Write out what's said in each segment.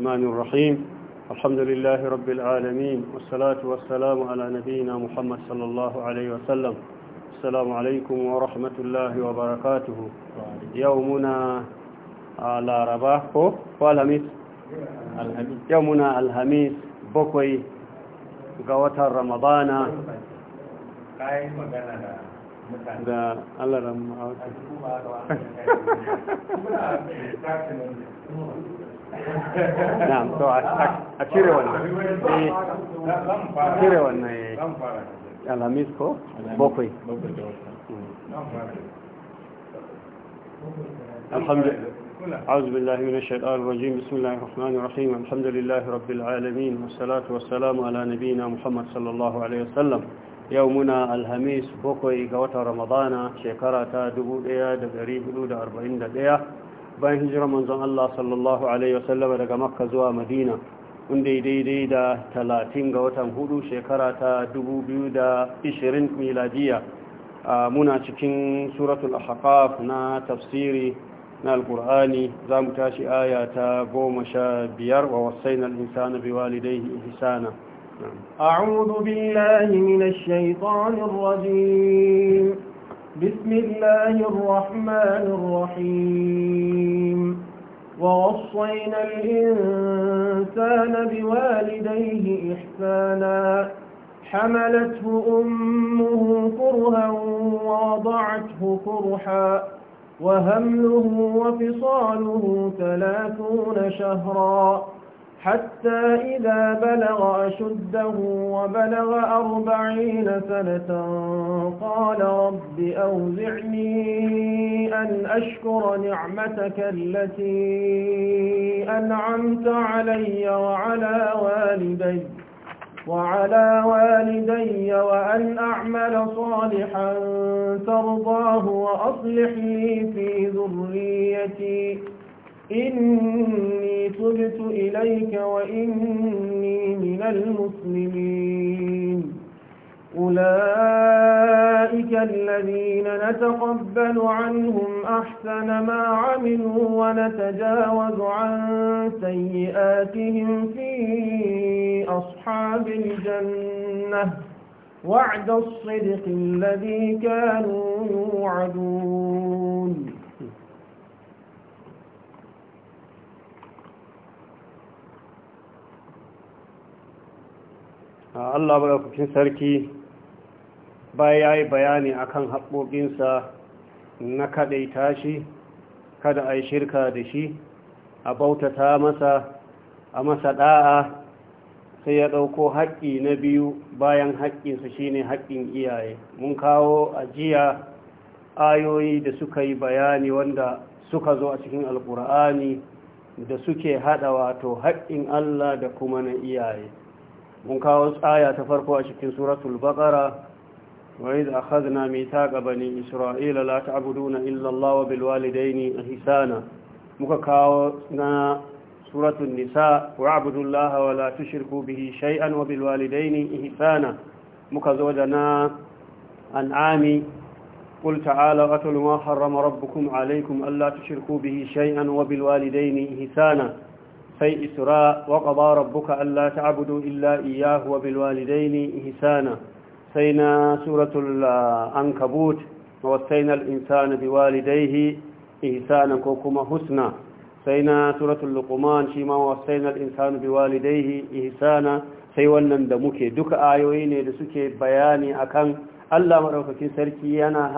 الرحمن الرحيم الحمد لله رب العالمين والصلاة والسلام على نبينا محمد صلى الله عليه وسلم السلام عليكم ورحمة الله وبركاته يومنا على رباحه والهميس يومنا الهميس بكوي قوة رمضان da Allah ramu a wata. Na'am, to a cire wannan. Eh, a cire Bokwai. Alhamdulillah. Azubillahi min shaɗar rajim, bismillahir rahmanir rahim. Alhamdulillahi rabbil alamin, wassalatu wassalamu ala Yau muna Alhamis bokwai ga watan Ramadana, shekara ta bayan hijirar manzon Allah sallallahu alaihi wasallam daga makka zuwa madina wanda ya daidai da talatin ga watan hudu shekara ta 2020 miladiya muna cikin suratul ahqaf na tafsiri na alkur'ani za mu tashi aya ta goma sha biyar wa wasainal insana biwalidayhi ihsana أعوذ بالله من الشيطان الرجيم بسم الله الرحمن الرحيم ووصينا الإنسان بوالديه إحسانا حملته أمه كرها ووضعته كرحا وهمله وفصاله ثلاثون شهرا حتى إذا بلغ أشده وبلغ أربعين سنة قال رب أوزعني أن أشكر نعمتك التي أنعمت علي وعلى والدي وعلى والدي وأن أعمل صالحا ترضاه وأصلح لي في ذريتي إني تبت إليك وإني من المسلمين أولئك الذين نتقبل عنهم أحسن ما عملوا ونتجاوز عن سيئاتهم في أصحاب الجنة وعد الصدق الذي كانوا يوعدون Allah madaukakin sarki bayan ya yi bayani akan haƙoƙinsa na kaɗaita shi kada a yi shirka da shi a bautata masa a masa ɗa'a sai ya ɗauko haƙƙi na biyu bayan haƙƙinsa shine haƙƙin iyaye mun kawo ajiya ayoyi da suka yi bayani wanda suka zo a cikin alƙur'ani da suke haɗa wato haƙƙin Allah da kuma na iyaye mun kawo tsaya ta farko a cikin suratul baqara wa idh akhadna mithaqa bani isra'ila la ta'buduna illa Allah wa bil walidayni ihsana muka kawo na suratul nisa wa'budu Allah wa la tushriku bihi shay'an wa bil walidayni ihsana muka zo da na an'ami قل تعالى قتل ما حرم ربكم عليكم ألا تشركوا به شيئا وبالوالدين إحسانا sai isra wa qada rabbuka alla ta'budu illa iyyahu wa bil walidayni ihsana sai na suratul ankabut wa wasaina al insana bi walidayhi ihsana ko kuma husna sai na suratul luqman shi ma wasaina al insana bi walidayhi ihsana sai wannan da muke duka ayoyi ne da suke bayani akan Allah maɗaukakin sarki yana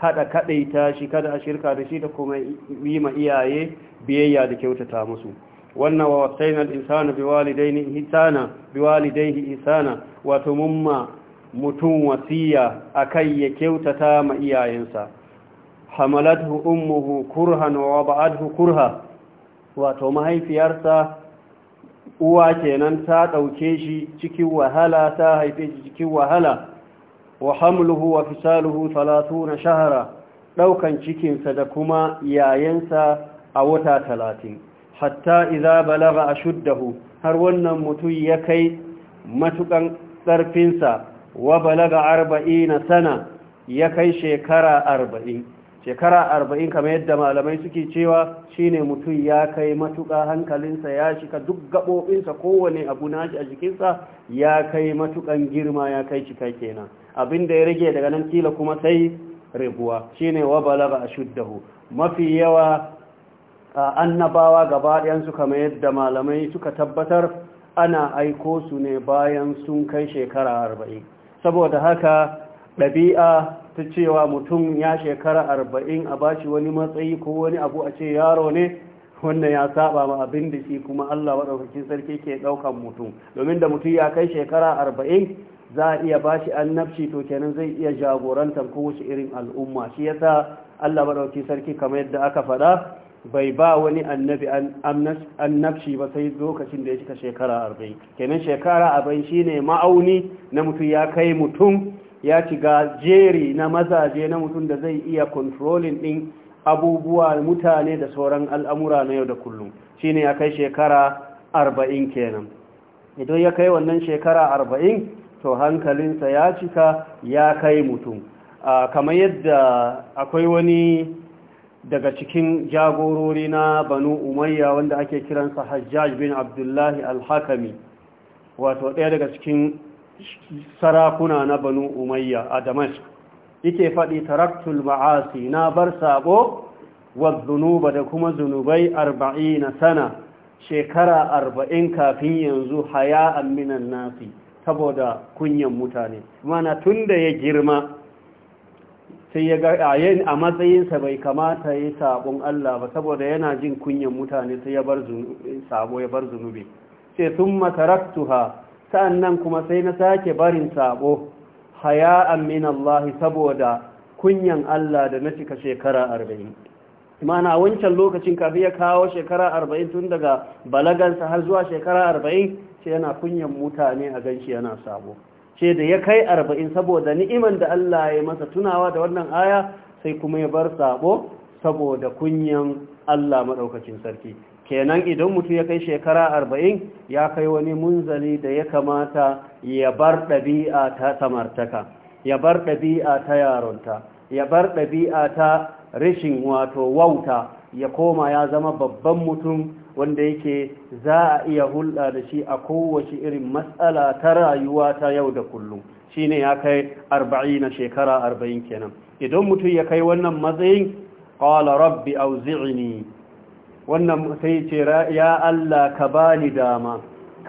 haɗa kaɗaita shi kada a shirka da shi da kuma yi ma iyaye biyayya da kyautata musu wannan wa wasaina al-insana biwalidayhi ihsana biwalidayhi ihsana wato mumma mutum wasiya akai ya kyautata ma iyayensa hamalathu ummuhu kurhan wa wada'athu kurha wato mahaifiyarsa uwa kenan ta dauke shi cikin wahala ta haife shi cikin wahala wa hamluhu wa fisaluhu 30 shahara daukan cikinsa da kuma yayansa a wata talatin hatta idza balagha ashuddahu har wannan mutum ya kai matukan tsarfinsa wa balaga arba'ina sana ya kai shekara arba'in shekara arba'in kamar yadda malamai suke cewa shine mutum ya kai matuka hankalinsa ya shika duk gaɓoɓinsa kowane abu nashi a jikinsa ya kai matukan girma ya kai cika kenan abin da ya rage daga nan kila kuma sai raguwa shine wa balaga ashuddahu mafi yawa annabawa gaba ɗayansu kamar yadda malamai suka tabbatar ana aiko su ne bayan sun kai shekara arba'in saboda haka ɗabi'a ta cewa mutum ya shekara arba'in a ba shi wani matsayi ko wani abu a ce yaro ne wannan ya saba ma abin da shi kuma Allah waɗaukakin sarki ke ɗaukan mutum domin da mutum ya kai shekara arba'in za a iya ba bashi annabci to kenan zai iya jagorantar kowace irin al'umma shi yasa Allah maɗauki sarki kamar yadda aka faɗa bai ba wani annabi annabci ba sai lokacin da ya cika shekara arba'in kenan shekara arba'in shi ne ma'auni na mutum ya kai mutum ya shiga jeri na mazaje na mutum da zai iya kontrolin ɗin abubuwa mutane da sauran al'amura na yau da kullum shine ya kai shekara arba'in kenan idan ya kai wannan shekara arba'in to hankalinsa ya cika ya kai mutum ah, kamar yadda akwai wani daga cikin jagorori na banu umayya wanda ake kiransa hajjaj bin abdullahi alhakami wato ɗaya daga cikin sarakuna na banu umayya a damask yake faɗi taraktul ma'asi na bar sabo wa zunuba da kuma zunubai arba'i na sana shekara arba'in kafin yanzu haya minan nasi saboda kunyan mutane mana tun da ya girma sai ya ga ayin a matsayinsa bai kamata ya sabon Allah ba saboda yana jin kunyan mutane sai ya bar sabo ya bar zunubi sai sun mataraktuha sa'annan kuma sai na sake barin sabo haya'an min Allah saboda kunyan Allah da na cika shekara arba'in. mana wancan lokacin kafin ya kawo shekara arba'in tun daga balagansa har zuwa shekara arba'in sai yana kunyan mutane a ganshi yana sabo ce da ya kai arba'in saboda ni'iman da Allah ya masa tunawa da wannan aya sai kuma ya bar sabo saboda kunyan Allah maɗaukacin sarki kenan idan mutum ya kai shekara arba'in ya kai wani munzali da ya kamata ya bar ɗabi'a ta samartaka ya bar ɗabi'a ta yaronta ya bar ɗabi'a ta rishin wato wauta ya koma ya zama babban mutum wanda yake za a iya hulɗa da shi a kowace irin matsala ta rayuwa ta yau da kullum shine ya kai arba'i na shekara arba'in kenan idan mutum ya kai wannan matsayin ƙwala rabbi auzi'ini wannan sai ce ya Allah ka bani dama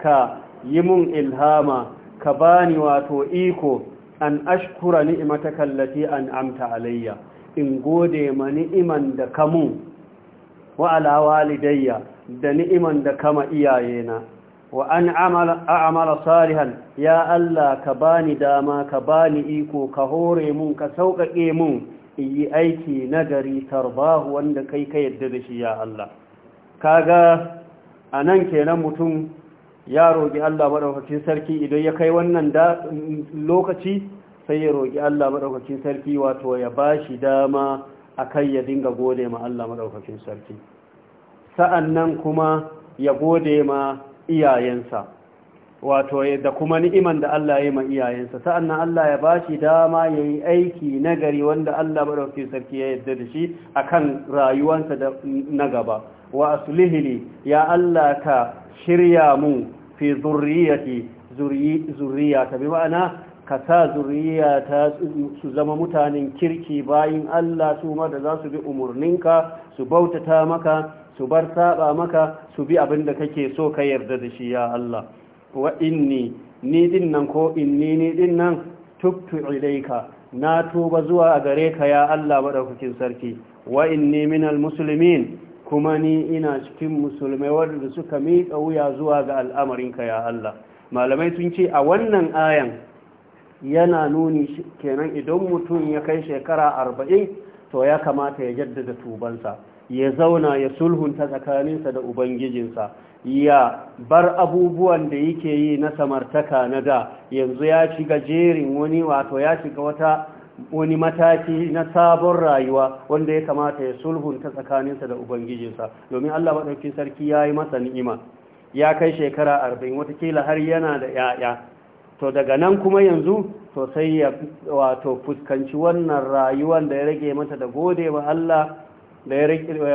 ka yi mun ilhama ka bani wato iko an ashkura ni'imataka an an'amta alayya in gode ma ni'iman da kamun wa ala walidayya da ni'iman da kama iyayena wa an a'amala salihan ya Allah ka bani dama ka bani iko ka hore mun ka sauƙaƙe mun yi aiki nagari tarbahu wanda kai ka yadda da shi ya Allah kaga a nan kenan mutum ya roƙi Allah maɗaukacin sarki idan ya kai wannan lokaci sai ya roƙi Allah maɗaukacin sarki wato ya bashi dama a kai ya dinga gode ma Allah maɗaukakin sarki sa'an kuma ya gode ma iyayensa wato da kuma ni'iman da Allah ya yi ma iyayensa sa'an nan Allah ya ba shi dama ya yi aiki nagari wanda Allah maɗaukakin sarki ya yarda da shi akan rayuwarsa rayuwansa na gaba wa asulihili ya Allah ka shirya mu fi zurriyati zurriya ta bi ma'ana ka sa zuriya ta su zama mutanen kirki bayan Allah su ma da za su bi umarninka su bautata maka su bar saba maka su bi abin da kake so ka yarda da shi ya Allah wa inni ni din nan ko inni ni din nan tubtu ilaika na tuba zuwa gare ka ya Allah madaukakin sarki wa inni minal muslimin kuma ni ina cikin musulmai wanda suka miƙa wuya zuwa ga al'amarinka ya Allah malamai sun ce a wannan ayan yana nuni kenan idan mutum ya kai shekara arba'in to ya kamata ya jaddada tubansa ya zauna ya sulhunta tsakaninsa da ubangijinsa ya bar abubuwan da yake yi na samartaka na da yanzu ya ci gajerin wani wato ya shiga wata wani mataki na sabon rayuwa wanda ya kamata ya sulhunta tsakaninsa da ubangijinsa domin Allah maɗaukin sarki ya yi masa ni'ima ya kai shekara arba'in watakila har yana da 'ya'ya to daga nan kuma yanzu to sai ya wato fuskanci wannan rayuwan da ya rage mata da gode ma Allah da ya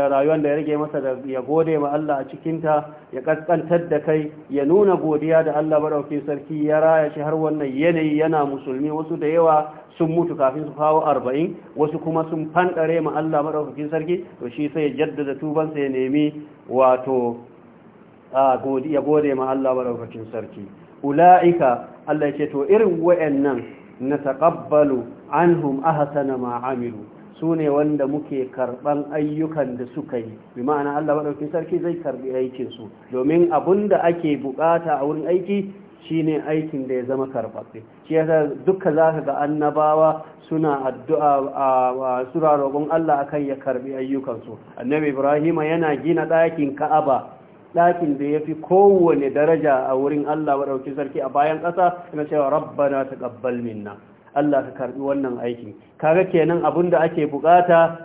rayuwan da ya rage masa da ya gode ma Allah a cikinta ya kaskantar da kai ya nuna godiya da Allah maɗauki sarki ya raya shi har wannan yanayi yana musulmi wasu da yawa sun mutu kafin su kawo arba'in wasu kuma sun fanɗare ma Allah maɗauki sarki to shi sai ya jaddada tubansa ya nemi wato ya gode ma Allah maɗaukakin sarki ula'ika Allah ce to irin wayannan na taqabbalu anhum ahsana ma amilu sune wanda muke karban ayyukan da suka yi bi ma'ana Allah madaukakin sarki zai karbi aikin su domin abunda ake bukata a wurin aiki shine aikin da ya zama karfafe shi yasa dukkan zaka ga annabawa suna addu'a a sura roƙon Allah akan ya karbi ayyukan su annabi Ibrahim yana gina ɗakin Ka'aba ɗakin da ya fi kowane daraja a wurin Allah maɗauki sarki a bayan ƙasa na cewa rabbana taqabbal minna Allah ka karbi wannan aikin kaga kenan abin da ake buƙata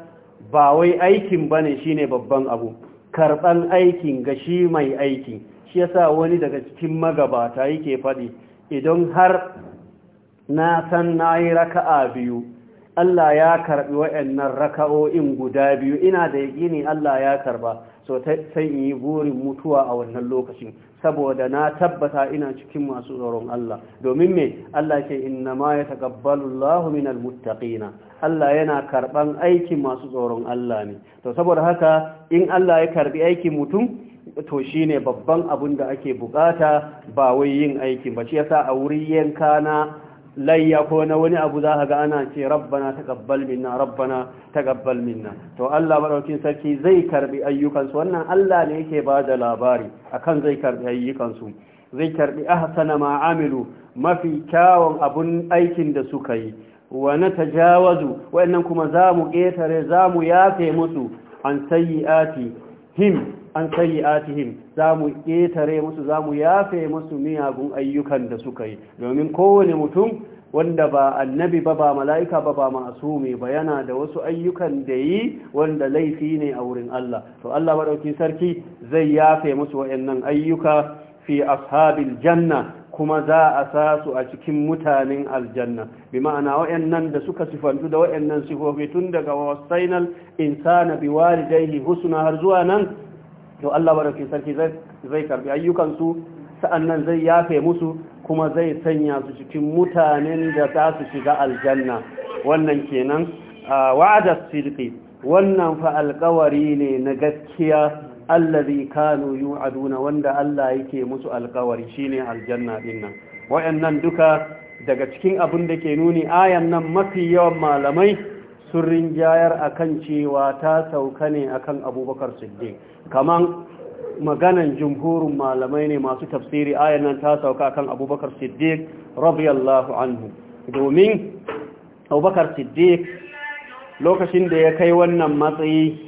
ba wai aikin bane shine babban abu karban aikin ga shi mai aiki shi yasa wani daga cikin magabata yake faɗi idan har na san nayi raka'a biyu Allah ya karɓi waɗannan raka'o'in guda biyu ina da yaƙini Allah ya karba to sai in yi burin mutuwa a wannan lokacin saboda na tabbata ina cikin masu tsoron Allah domin me Allah ke inna ma ya taqabbalu Allahu minal muttaqina Allah yana karban aikin masu tsoron Allah ne to saboda haka in Allah ya karbi aikin mutum to shine babban abun da ake bukata ba wai yin aikin ba shi yasa a wuri yanka na ya ko na wani abu za a ga ana ce rabbana taqabbal minna rabbana taqabbal minna to Allah madaukin sarki zai karɓi ayyukansu wannan Allah ne yake ba da labari akan zai karbi ayyukansu zai karbi ahsana ma amilu mafi kyawun abun aikin da suka yi wa na tajawazu nan kuma za mu ƙetare za mu yafe musu an sayyi'ati him an sayyi'atihim za mu ƙetare musu za mu yafe musu miyagun ayyukan da suka yi domin kowane mutum wanda ba annabi ba ba mala'ika ba ba ma'asumi ba yana da wasu ayyukan da yi wanda laifi ne a wurin Allah to Allah maɗauki sarki zai yafe musu wayannan ayyuka fi ashabil janna kuma za a sa su a cikin mutanen aljanna bi ma'ana wayannan da suka sifantu da wa’yannan sifofi tun daga wasainal insana bi walidayhi husna har zuwa nan to Allah madaukakin sarki zai karbi ayyukan ayyukansu sa'annan zai yafe musu kuma zai sanya su cikin mutanen da za su shiga aljanna wannan kenan wa'ada sidqi wannan fa alƙawari ne na gaskiya allazi kanu yu'aduna wanda Allah yake musu alƙawari shine aljanna dinnan wa'annan duka daga cikin abin da ke nuni ayan nan mafi yawan malamai sun rinjayar akan cewa ta sauka ne akan abubakar siddiq kaman maganan jumhurin malamai ne masu tafsiri ayan nan ta sauka akan abubakar siddiq radiyallahu anhu domin abubakar siddiq lokacin da ya kai wannan matsayi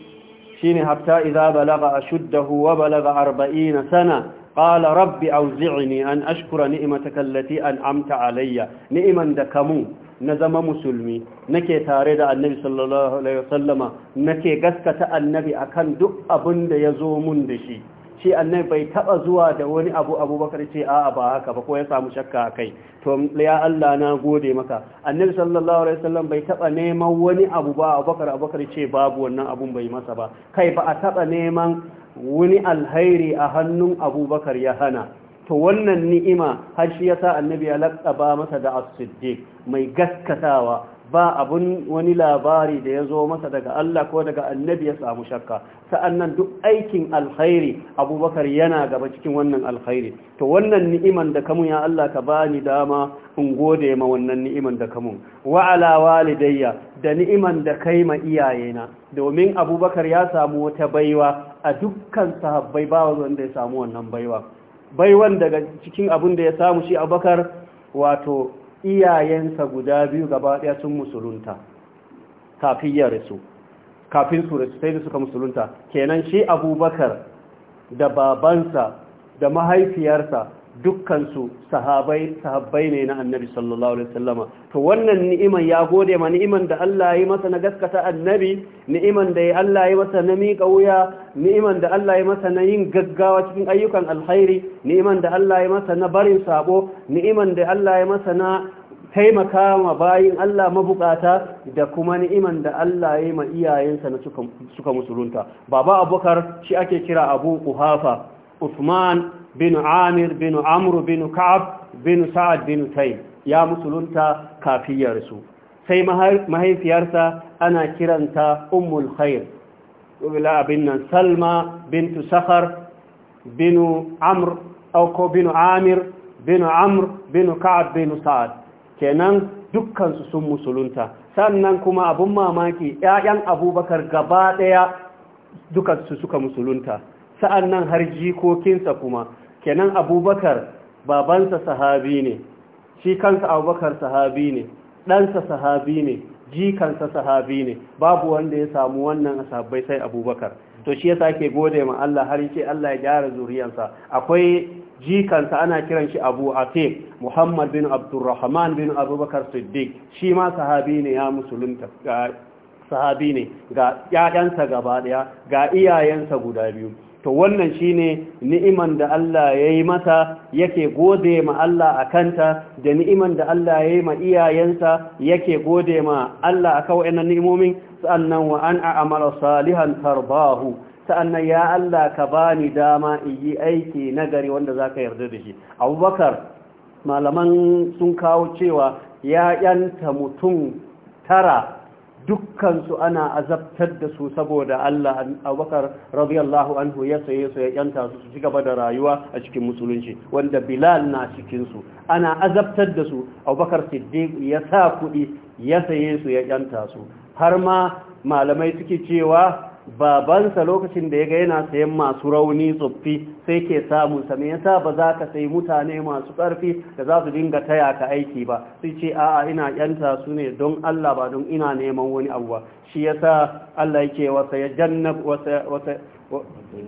shine hatta iza balaga ashuddahu wa balaga na sana قال ربي أوزعني أن أشكر نعمتك التي alayya ni'iman da دكمو na zama musulmi nake tare da annabi sallallahu alaihi wasallama nake gaskata annabi akan duk abin da ya zo mun da shi shi annabi bai taba zuwa da wani abu abubakar ce a'a ba haka ba ko ya samu shakka a kai to ya Allah na gode maka annabi sallallahu alaihi wasallam bai taba neman wani abu ba abubakar abubakar ce babu wannan abun bai masa ba kai ba a taba neman wani alhairi a hannun abubakar ya hana to wannan ni'ima har shi yasa annabi ya ba masa da as-siddiq mai gaskatawa ba abun wani labari da ya zo masa daga Allah ko daga annabi ya samu shakka sa'annan duk aikin alkhairi abubakar yana gaba cikin wannan alkhairi to wannan ni'iman da kamun ya Allah ka bani dama in gode ma wannan ni'iman da kamun wa ala walidayya da ni'iman da kai ma iyayena domin abubakar ya samu wata baiwa a dukkan sahabbai ba wanda ya samu wannan baiwa baiwan daga cikin abin da ya samu shi abubakar wato iyayensa guda biyu gaba daya sun musulunta kafin ya rasu kafin su rasu sai da suka musulunta kenan shi abubakar da babansa da mahaifiyarsa dukkansu sahabai sahabbai ne na annabi sallallahu alaihi wasallama to wannan ni'iman ya gode ma ni'iman da Allah ya masa na gaskata annabi ni'iman da Allah ya masa na miƙa wuya ni'iman da Allah ya masa na yin gaggawa cikin ayyukan alkhairi ni'iman da Allah ya masa na barin sabo ni'iman da Allah ya masa na taimaka ma bayin Allah mabukata da kuma ni'iman da Allah ya yi ma iyayensa na suka musulunta baba abubakar shi ake kira abu kuhafa usman bin amir bin amru bin ka'ab bin sa'ad bin tayyib ya musulunta kafiyarsu sai mahaifiyarsa ana kiranta ummul khair ila abin nan salma bintu sakhar binu amr aw ko binu amir binu amr binu ka'ab binu sa'ad kenan dukkansu sun musulunta sannan kuma abun mamaki 'ya'yan abubakar gaba ɗaya dukansu suka musulunta sa'annan har jikokinsa kuma kenan abubakar babansa sahabi ne shi kansa abubakar sahabi ne ɗansa sahabi ne jikansa sahabi ne babu wanda ya samu wannan sahabbai sai abubakar to shi ya sake gode ma Allah har yace Allah ya gyara zuriyarsa akwai jikansa ana kiran shi Abu ake Muhammad bin Abdurrahman bin Abubakar Siddiq shi ma sahabi ne ya musulunta sahabi ne ga ƴaƴansa gaba daya ga iyayensa guda biyu to wannan shine ni'iman da Allah ya yi masa yake gode ma Allah a kanta da ni'iman da Allah ya yi ma iyayensa yake gode ma Allah a kawai na ni'imomin sannan wa an amala, salihan tarbahu nan ya Allah ka bani dama yi aiki nagari wanda za ka yarda da shi abubakar malaman sun kawo cewa ya yanta mutum tara dukkansu ana azabtar da su saboda Allah abubakar radiyallahu anhu ya saye su ya yanta su su ci gaba da rayuwa a cikin musulunci wanda bilal na cikinsu ana azabtar da su abubakar siddiq ya sa kuɗi ya saye su ya yanta su har ma malamai suke cewa babansa lokacin da ya ga yana sayan masu rauni tsoffi sai ke samunsa, sami ya yasa ba za ka sayi mutane masu ƙarfi da za su dinga taya ka aiki ba sai ce a'a ina yanta su ne don Allah ba don ina neman wani abu ba shi sa Allah yake wasa ya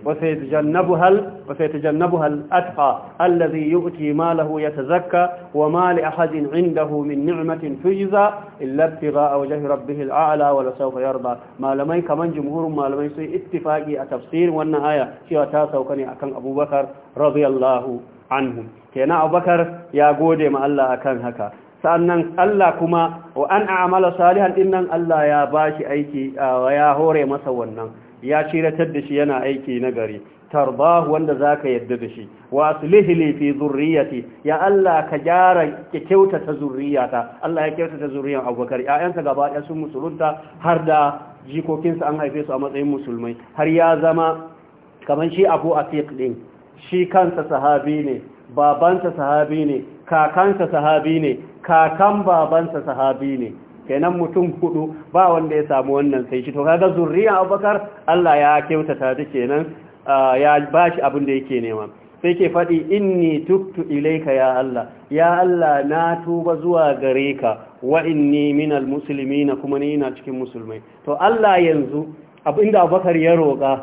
وسيتجنبها وسيتجنبها الأتقى الذي يؤتي ماله يتزكى وما لأحد عنده من نعمة تجزى إلا ابتغاء وجه ربه الأعلى ولسوف يرضى ما لمن كمان جمهور ما لمن سي اتفاقي التفسير والنهاية شوى تاسو كان أكن أبو بكر رضي الله عنه كينا أبو بكر يا قودي ما الله أكن هكا sannan Allah kuma wa an a'mala salihan dinnan Allah ya bashi aiki ya hore masa wannan ya ciratar da shi yana aiki na gari tarbahu wanda zaka yadda da shi wa aslihi li fi zurriyati ya Allah ka gyara ki kyautata zurriyata Allah ya kyautata zurriyan Abubakar ƴaƴansa gaba ɗaya sun musulunta har da jikokinsa an haife su a matsayin musulmai har ya zama kamar shi Abu Atiq din shi kansa sahabi ne babansa sahabi ne kakansa sahabi ne kakan babansa sahabi ne kenan mutum hudu ba wanda ya samu wannan sai shi to kaga zurriya abubakar Allah ya kyautata ta kenan ya bashi abin da yake nema sai ke faɗi inni tuktu ilaika ya Allah ya Allah na tuba zuwa gare ka wa inni minal muslimina kuma ni ina cikin musulmai to Allah yanzu abinda abubakar ya roƙa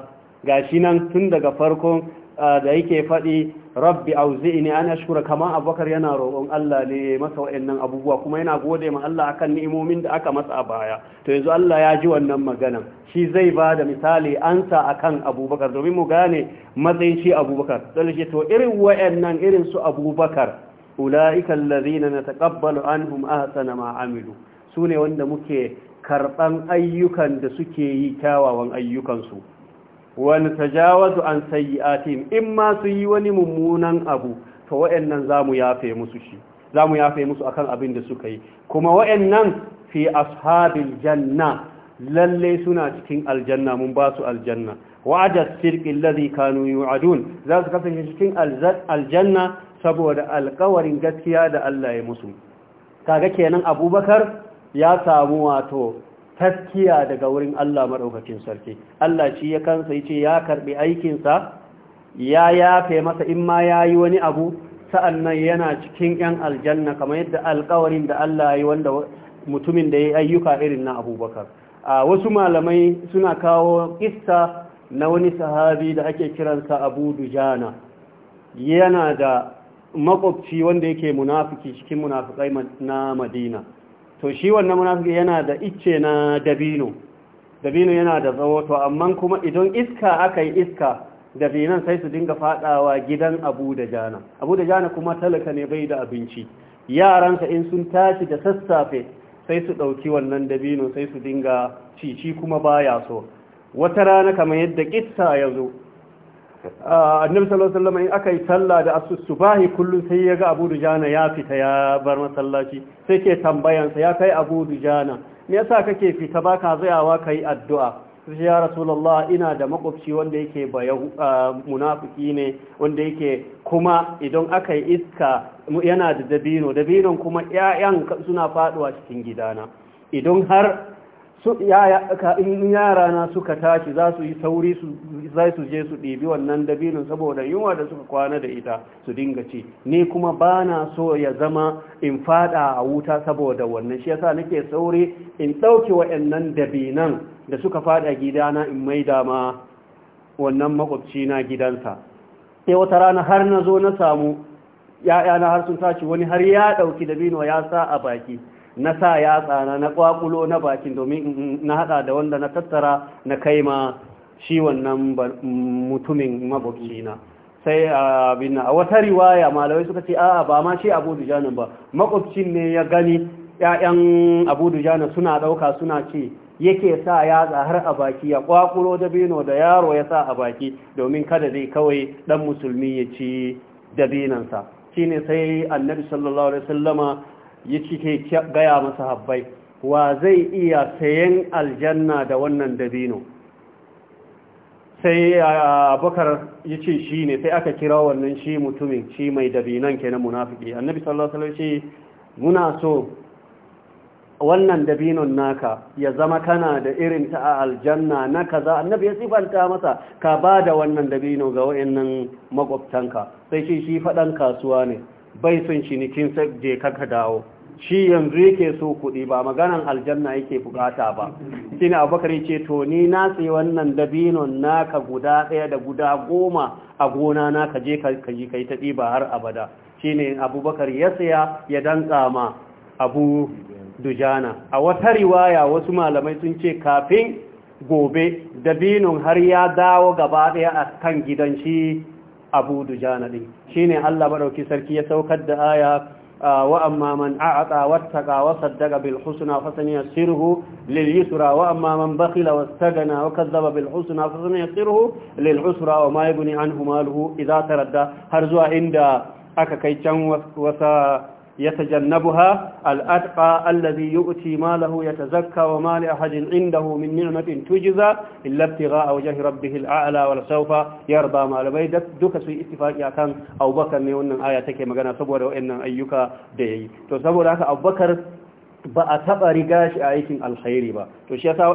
gashi nan tun daga farkon da yake faɗi rabbi auzi'ni an ashkura kama abubakar yana roƙon Allah ne masa wa'annan abubuwa kuma yana gode ma Allah akan ni'imomin da aka masa a baya to yanzu Allah ya ji wannan magana shi zai ba da misali ansa akan abubakar domin mu gane matsayin shi abubakar sai shi to irin wa'annan irin su abubakar ulaika allazina nataqabbalu anhum ahsana ma amilu sune wanda muke karɓan ayyukan da suke yi kyawawan ayyukansu wani tajawazu an sayyi'atihim in ma su yi wani mummunan abu to wayannan zamu yafe musu shi zamu yafe musu akan abin da suka yi kuma wayannan fi ashabil janna lalle suna cikin aljanna mun ba su aljanna wa'ada sirqi alladhi kanu yu'adun za su kasance cikin aljanna saboda alƙawarin gaskiya da Allah ya musu kaga kenan Abubakar ya samu wato taskiya daga wurin Allah maɗaukacin sarki Allah shi ya kansa ce ya karɓi aikinsa ya yafe masa in ma ya yi wani abu sa'annan yana cikin yan aljanna kamar yadda alƙawarin da Allah ya yi wanda mutumin da ya yi ayyuka irin na Abubakar a wasu malamai suna kawo kissa na wani sahabi da ake kiransa Abu Dujana yana da makwabci wanda yake munafiki cikin munafikai na Madina to shi wannan munafiki yana da icce na dabino dabino yana da tsawo to amma kuma idan iska aka yi iska dabinan sai su dinga fadawa gidan abu da abu da kuma talaka ne bai da abinci yaransa in sun tashi da sassafe sai su ɗauki wannan dabino sai su dinga cici kuma baya so wata rana kamar yadda kitsa ya zo Ah, annabi sallallahu alaihi wasallam in aka yi sallah da as-subahi kullun sai ya ga Abu Dujana ya fita ya bar masallaci sai ke tambayan sa ya kai Abu Dujana me yasa kake fita baka zayawa kai addu'a sai ya rasulullah ina da makwabci wanda yake bayu ah, munafiki ne wanda yake kuma idan aka yi iska yana da dabino dabinon kuma ƴaƴan suna faduwa cikin gidana idan har su yara na suka tashi za su yi sauri za su je su ɗibi wannan dabinin saboda yunwa da suka kwana da ita su dinga ci ni kuma ba na so ya zama in fada a wuta saboda wannan shi yasa nake sauri in ɗauke wa'annan dabinan da suka fada gidana in mai dama wannan makwabci na gidansa sai wata rana har na zo na samu ya'yana har sun tashi wani har ya ɗauki dabino ya sa a baki na sa yatsa na na kwakulo na bakin domin na hada da wanda na tattara na kai ma shi wannan mutumin mabokina sai abin a wata riwaya malawai suka ce a'a ba ma shi abu dujanin ba makwabcin ne ya gani 'ya'yan abu dujanin suna ɗauka suna ce yake sa yatsa har a baki ya da bino da yaro ya sa a baki domin kada dai kawai dan musulmi ya ci dabinansa shine sai annabi sallallahu alaihi wasallama ya cike gaya masa habbai wa zai iya sayan aljanna da wannan dabino sai abokar ya ce shi ne sai aka kira wannan shi mutumin shi mai dabinan ke na munafiki annabi sallallahu alaihi ce muna so wannan dabinon naka ya zama kana da irin ta a aljanna na kaza annabi ya sifanta masa ka ba da wannan dabino ga wayannan makwabtanka sai shi shi fadan kasuwa ne bai son cinikin sai je ka dawo shi yanzu yake so kuɗi ba maganan aljanna yake bukata ba ne abubakar yace to ni na sai wannan dabinon naka guda ɗaya da guda goma a gona na ka je ka yi kai ta ɗiba har abada ne abubakar ya saya ya danka ma abu dujana a wata riwaya wasu malamai sun ce kafin gobe dabinon har ya dawo gaba ɗaya a kan gidan shi abu dujana ɗin shine allah maɗauki sarki ya saukar da aya وأما من أعطى واتقى وصدق بالحسنى فسنيسره لليسرى وأما من بخل واستغنى وكذب بالحسنى فسنيسره للعسرى وما يغني عنه ماله إذا تردى هرزوا عند أكا كي وسا يتجنبها الأتقى الذي يؤتي ماله يتزكى وما لأحد عنده من نعمة تجزى إلا ابتغاء وجه ربه الأعلى والسوف يرضى ما لبي دوك سوي اتفاق كان أو بكر نيونا آية تكي مغانا سبور وإن أيوكا دي تو لك أو بكر ba a taɓa riga shi a aikin alkhairi ba to shi yasa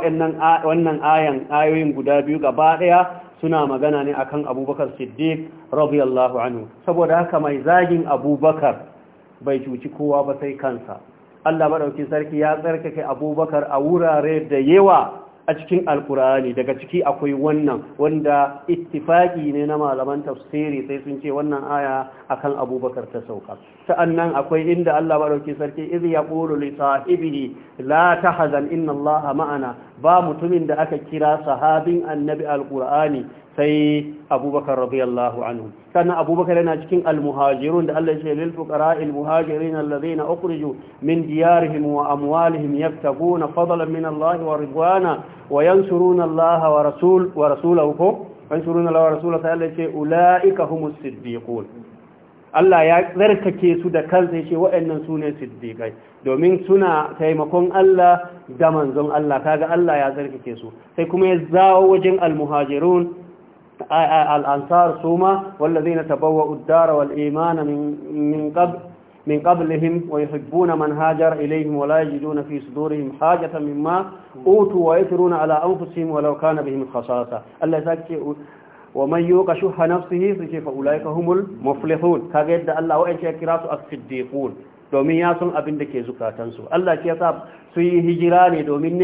wannan ayan ayoyin guda biyu gaba ɗaya suna magana ne akan abubakar siddiq radiyallahu anhu saboda haka mai zagin abubakar bai cuci kowa ba sai kansa Allah madaukin sarki ya tsarkake abubakar a wurare da yawa a cikin alkur'ani daga ciki akwai wannan wanda ittifaki ne na malaman tafsiri sai sun ce wannan aya akan abubakar ta sauka sa'annan akwai inda Allah madauki sarki iz yaqulu li sahibihi la tahzan inna allaha ma'ana ba mutumin da aka kira sahabin annabi alkur'ani sai abubakar radiyallahu anhu sannan abubakar yana cikin almuhajirun da Allah ya ce lil fuqara almuhajirin alladhina ukhriju min diyarihim wa amwalihim yabtaguna fadlan min Allah wa ridwana wa yansuruna Allah wa rasul wa rasulahu ko yansuruna Allah wa rasulahu sai Allah ya ce ulaika humus siddiqun Allah ya tsarkake su da kansa ya ce waɗannan su ne domin suna taimakon Allah da manzon Allah kaga Allah ya tsarkake su sai kuma ya zawo wajen almuhajirun الأنصار ثم والذين تبوأوا الدار والإيمان من, من قبل من قبلهم ويحبون من هاجر إليهم ولا يجدون في صدورهم حاجة مما أوتوا ويثرون على أنفسهم ولو كان بهم خصاصة الله ساكت ومن يوق شح نفسه فأولئك هم المفلحون كاقيد الله وإن شكرات الصديقون domin ya sun abin da ke zukatansu Allah ke sa su yi hijira ne domin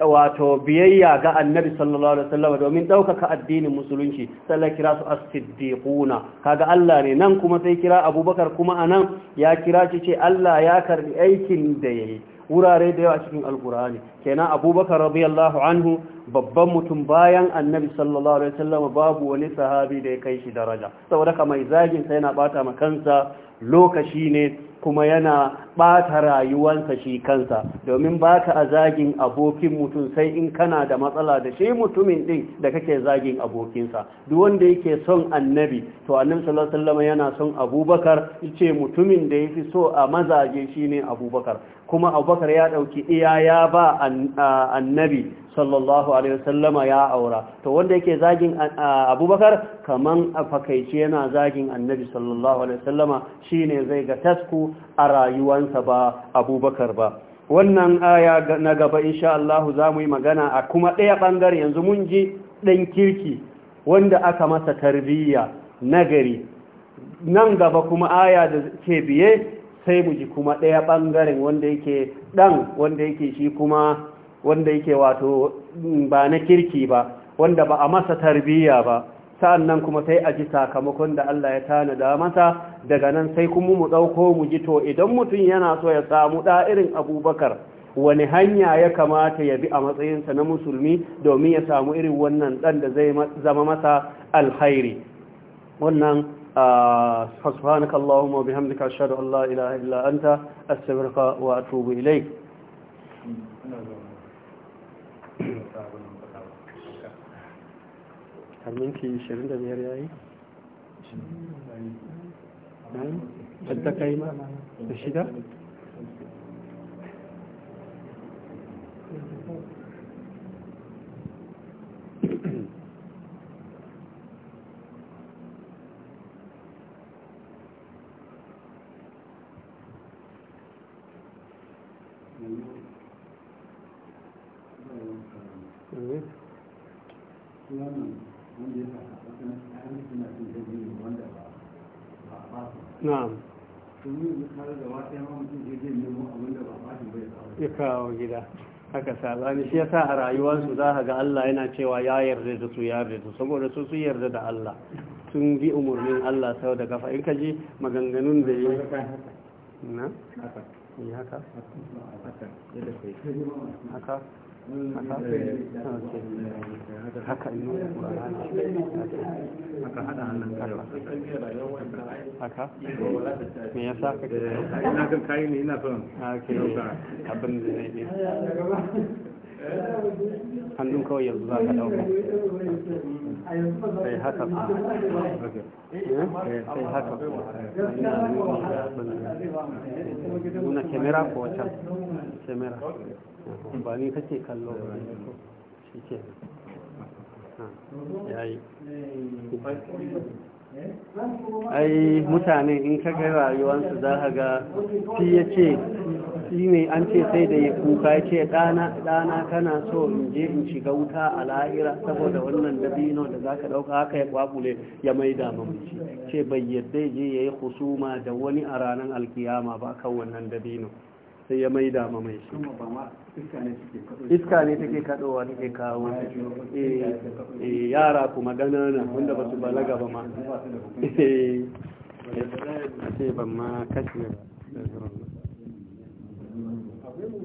wato biyayya ga annabi sallallahu alaihi wasallam domin daukaka addinin musulunci sallan kira su as-siddiquna kaga Allah ne nan kuma sai kira Abubakar kuma anan ya kira shi ce Allah ya karbi aikin da yayi wurare da yawa cikin alkur'ani kenan abubakar radiyallahu anhu babban mutum bayan annabi sallallahu alaihi wasallam babu wani sahabi da ya kai shi daraja saboda kamar mai zagin yana bata ma kansa lokaci ne kuma yana ɓata rayuwansa shi kansa domin ba ka zagin abokin mutum sai in kana da matsala da shi mutumin ɗin da kake zagin abokinsa duk wanda yake son annabi to annabi sallallahu alaihi yana son abubakar ce mutumin da ya fi so a mazaje shine abubakar kuma abubakar ya ɗauki iya ya ba annabi sallallahu alaihi wasallama ya aura to wanda yake zagin abubakar kaman a fakaice yana zagin annabi sallallahu alaihi wasallama shine zai ga tasku a rayuwansa ba abubakar ba wannan aya na gaba insha Allah za mu yi magana a kuma ɗaya ɓangare yanzu mun ji ɗan kirki wanda aka masa tarbiyya nagari nan gaba kuma aya da ke biye sai mu ji kuma ɗaya ɓangaren wanda yake ɗan wanda yake shi kuma wanda yake wato mm, ba na kirki ba wanda ba a masa tarbiyya ba Sa'an nan kuma sai a ji sakamakon da Allah ya tana tanada masa daga nan sai kuma mu ɗauko mu ji to idan mutum yana so ya samu ɗa'irin abubakar wani hanya ya kamata ya bi a matsayinsa na musulmi domin ya samu irin wannan ɗan da zai zama masa alhairi wannan سبحانك اللهم وبحمدك أشهد أن لا إله إلا أنت أستغفرك وأتوب إليك هل منك 25 yayi da shida na'am ya kawo gida haka sabani shi yasa a rayuwarsu za ka ga Allah yana cewa ya yarda da su ya yarda da saboda su su yarda da Allah sun bi umarnin Allah sau da kafa in ka ji maganganun da yi na yi eh, haka haka haka yi haka hada hannun haka me ya sa eh, ka ina kan kayi ne ina son ah, abin da ne hannun kawai yanzu za ka ɗauka sai haka eh, sai haka nuna kemera ko wacan kemera. ba ni kake kallo ba shi ke yayi ai mutane in ka ga rayuwarsu za ka ga shi ya ce shi ne an ce sai da ya kuka ya ce ɗana kana so in je in shiga wuta a lahira saboda wannan dabino da za ka ɗauka haka ya kwakule ya mai mamaci ce bai yadda je ya yi husuma da wani a ranar alkiyama ba kan wannan dabino sai ya maida ma mai shi iska ne take kadowa take kawo eh, eh, yara kuma ganana wanda ba su balaga ba ma eh. ce ban ma kashe ba